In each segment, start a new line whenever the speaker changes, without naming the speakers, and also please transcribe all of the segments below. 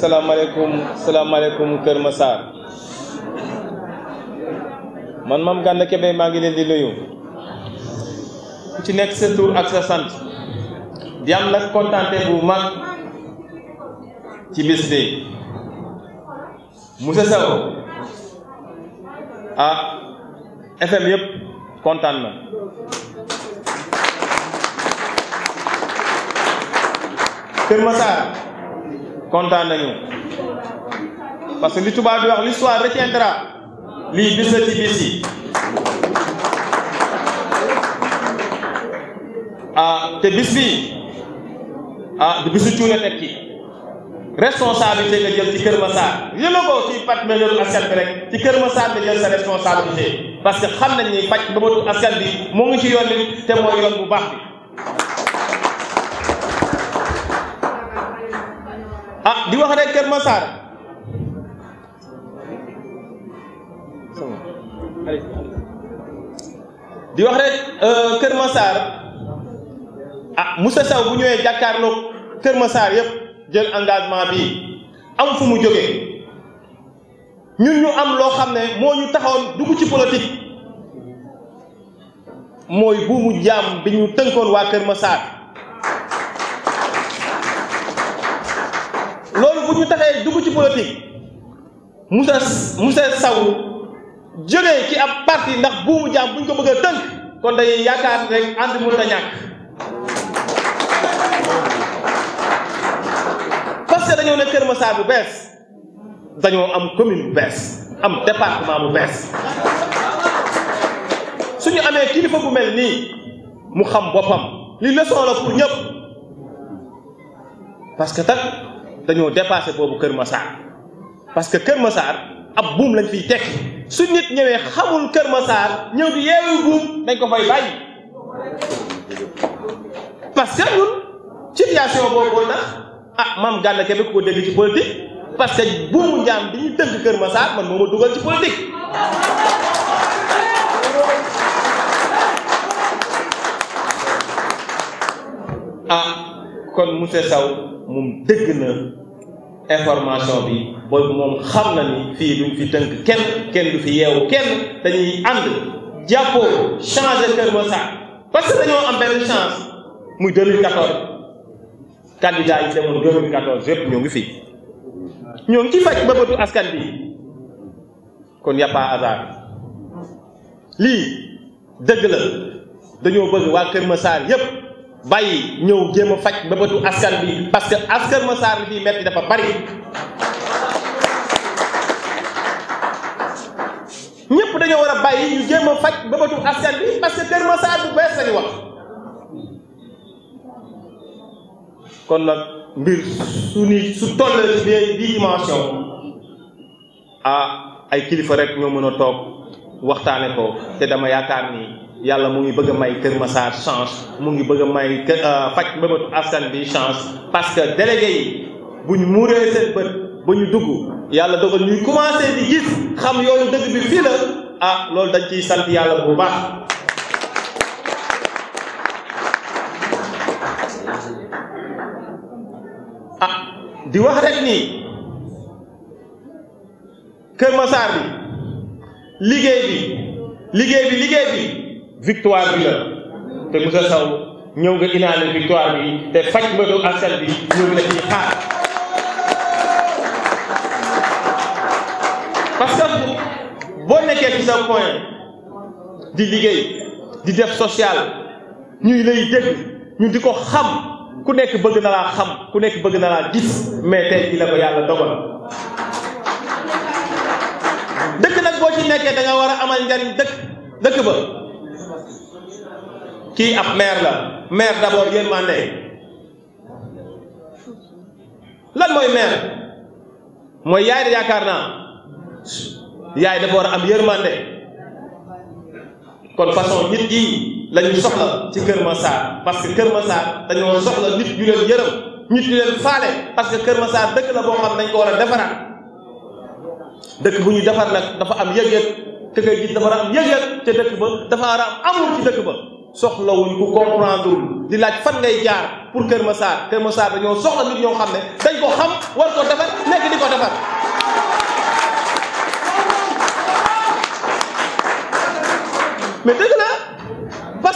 salaamaaleykum salaamaaleykum Kër Massar man Mame Gana maa ngi leen di nuyu ku ci nekk sa tur ak sa sant di am nag kontante bu mag ci bis bi monsieur ah FM yépp kontaan na Kër Massar kontaan nañu parce que li tubaab di wax l'histoire retiendra lii bis la ci bis yi ah te bis bi ah du bisu cuune nekk ci responsabilité nga jël ci Kër Massar yële ko ci pàcc meilleure askan bi rek ci Kër Massar nga jël sa responsabilité parce que xam nañ ni pàcc mbëbëtu askan bi moo ngi ci yoon bi te mooy yoon bu baax ah di wax rek Kër Massar di euh, ah Moussa Sow bu ñëwee jàkkaarloo Kër Massar yëpp jël engagement bi am fu mu jógee ñun ñu am loo xam ne moo ñu taxoon dugg ci politique mooy buumu jaam bi ñu tënkoon waa Kër Massar. loolu bu ñu taxee dugg ci politique Moussa Moussa Sow jógee ci ab parti ndax buumu jaam bu ñu ko bëgg a tënk kon dañuy yaakaar rek ànd mënut a ñàkk. parce dañoo ne Kër Massar bu bees dañoo am commune bu bees am département bu bees suñu amee kilifa bu mel nii mu xam boppam li leçon la pour ñëpp parce que dañoo dépassé boobu Kër Massar parce que Kër Massar ab buum lañ fiy tekki su nit ñëwee xamul Kër Massar ñëw di yeewu buum dañ ko fay bàyyi parce que ñun situation boobu nag ah maam Gana Kébé ko dégg ci politique parce que buumu njaam bi ñu tënk Kër Massar man moo ma dugal ci politique. ah kon monsieur saw moom dëgg na information bi boobu moom xam na ni fii duñ fi tënk kenn kenn du fi yeewu kenn dañuy ànd jàppoo changer Kër Massar parce que dañoo am benn chance muy 2014 candidat yi demoon 2014 yëpp ñoo ngi fi ñoo ngi ci faj bëbëtu askan bi kon y a pas lii dëgg la dañoo bëgg waa Kër Massar yëpp. bàyyi ñëw jéem a faj bëbëtu askan bi parce que askan ma saar fii metti dafa bari ñëpp dañoo war a bàyyi ñu jéem faj bëbëtu askan bi parce que Kër Massar bu bees lañu wax kon nag mbir su ni su toll ci bii dimension ah ay kilifa rek ñoo mën a toog waxtaane ko te dama yaakaar ni yalla mu ngi bëgg may Kër sa chance mu ngi bëgg a may fajj euh, faj mbëbëtu askan bi chance parce que délégué yi buñ mouré sét seen buñ dugg yalla dogal ñuy commencé di gis xam yoyu dëgg bi fi la ah lool dañ ciy sant yalla bu baax. ah di wax rek ni Kër sa bi liggéey bi liggéey bi liggéey bi. victoire bi la te Moussa Sow ñëw nga inaale victoire bi te faj nga doog askan bi ñëw nga ciy xaar parce boo nekkee ci sa point di liggéey di def social ñuy lay dégg ñu di ko xam ku nekk bëgg na laa xam ku nekk bëgg na laa gis mais tey ji la ko yàlla dogal dëkk nag boo ci nekkee da war a amal njariñ dëkk dëkk ba. kii ab maire la maire d'abord yërmande lan mooy maire mooy yaay de yaakaar naa yaay dafa war a am yërmande kon façon nit yi la ñu soxla ci Kër Massar parce que Kër Massar dañoo soxla nit yu leen yërëm nit yu leen faale parce que Kër Massar dëkk la boo xam dañ ko war a defaraat dëkk bu ñu defar nag dafa am yëg-yëg te koy gis dafa am yëg-yëg te dëkk ba dafa war a amul ci dëkk ba. soxlawuñ ku comprendre di laaj fan ngay jaar pour Kër Massar Kër Massar dañoo soxla nit ñoo xam ne dañ koo xam war ko defar nekk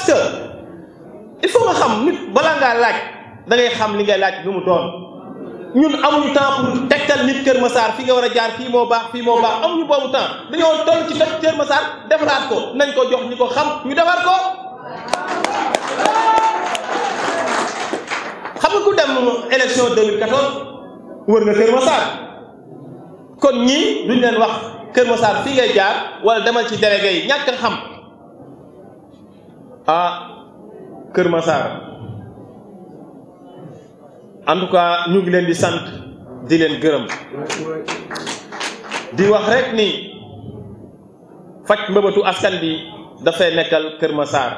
que il faut nga xam nit balaa ngaa laaj da xam li ngay laaj bi mu doon ñun amuñu temps pour tegtal nit Kër Massar fi nga war a jaar fii moo baax fii moo baax amuñu boobu temps dañoo toll ci def Kër Massar defaraat ko nañ ko jox ñi ko xam ñu defar ko. xam ku dem élection 2014 wër nga Kër Massar kon ñi duñ leen wax Kër Massar fi ngay jaar wala demal ci délégué ñak xam ah Kër Massar en tout cas ñu ngi leen di sante di leen gëreum di wax rek ni fajj mbëbatu askan bi fay nekkal Kër Massar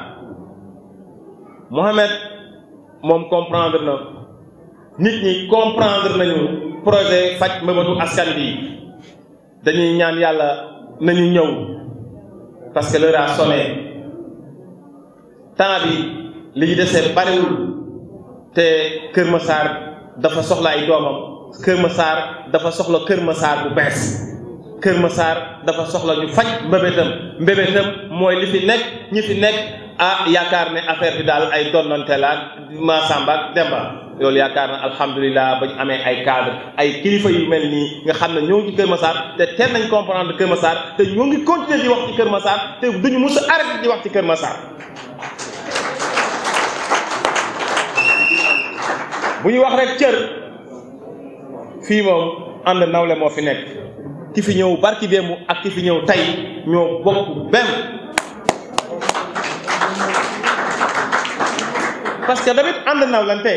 Mohamed moom comprendre na nit ñi comprendre nañu projet faj mëbatu askan bi dañuy ñaan yàlla nañu ñëw parce que l'heure a sonné temps bi li ñu desee bariwul te Kër Massar dafa soxla ay doomam Kër Massar dafa soxla Kër Massar bu bees Kër Massar dafa soxla ñu faj mbébétam mbébétam mooy li fi nekk ñi fi nekk ah yaakaar ne affaire bi daal ay donnante la ma sàmba demba yaakaar na alhamdulilah ba ñu amee ay cadre ay kilifa yu mel nii nga xam ne ñëw ngi ci Kër Massar te teel nañ comprendre Kër Massar te ñoo ngi continuer di wax ci Kër Massar te duñu mus a di wax ci Kër Massar bu ñu wax rek cër fii moom ànd nawle moo fi nekk ci fi ñëw barki démb ak ki fi ñëw tey ñoo bokk benn parce que tamit ànd nawlante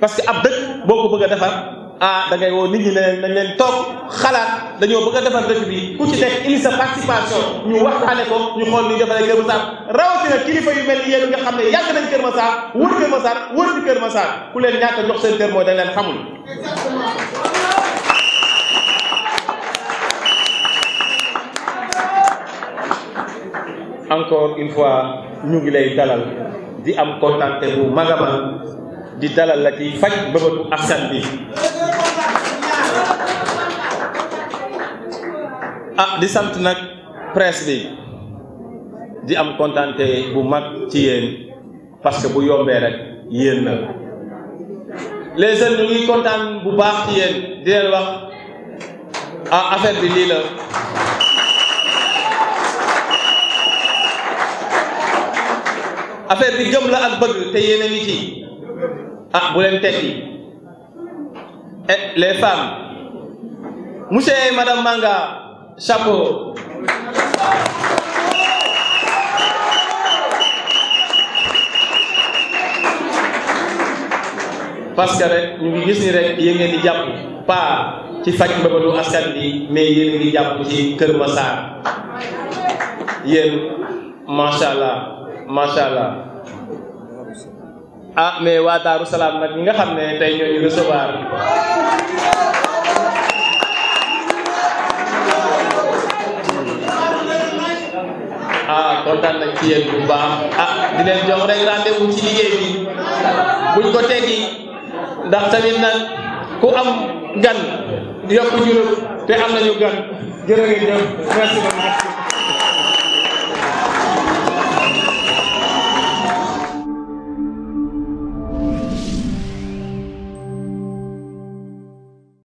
parce que ab dëkk boo ko bëgg a defar ah da ngay woo nit ñi ne dañ leen toog xalaat dañoo bëgg a defar dëkk bi ku ci nekk indi sa participation ñu waxtaane ko ñu xool ni defaree Kër Massar rawatina kilifa yu mel ni yéen nga xam ne yàgg nañ Kër Massar wër Kër Massar wër di ku leen ñàkk a jox seen kër mooy dañ leen xamul. encore une fois ñu ngi lay dalal. di am kontaan bu mag di dalal la kiy faj mbëbëtu askan bi ah di sant nak presse bi di am kontaan bu mag ci yeen parce que bu yombé rek yeen na les jeunes ñu ngi kontaan bu baax ci yeen di leen wax ah affaire bi li la affaire bi gem la ak bëgg té yéne ngi ci ah bu leen tekki eh, les femmes monsieur madame Manga chapeau parce que rek ñu ngi gis ni rek yéen ngeen di jàpp pas ci faj mbëbëtu askan di mais yéne ngi japp ci Kër Massar yéen macha allah macha allah ah mais wa daru salam nak ñi nga xam ne ñoo ñu recevoir ah kontan nañ ci yeen bu baax ah di leen jox rek rendez-vous ci liggéey bi buñ ko teggi ndax tamit nag ku am gan yokk juróom te am nañu gan jërë jëf merci beaucoup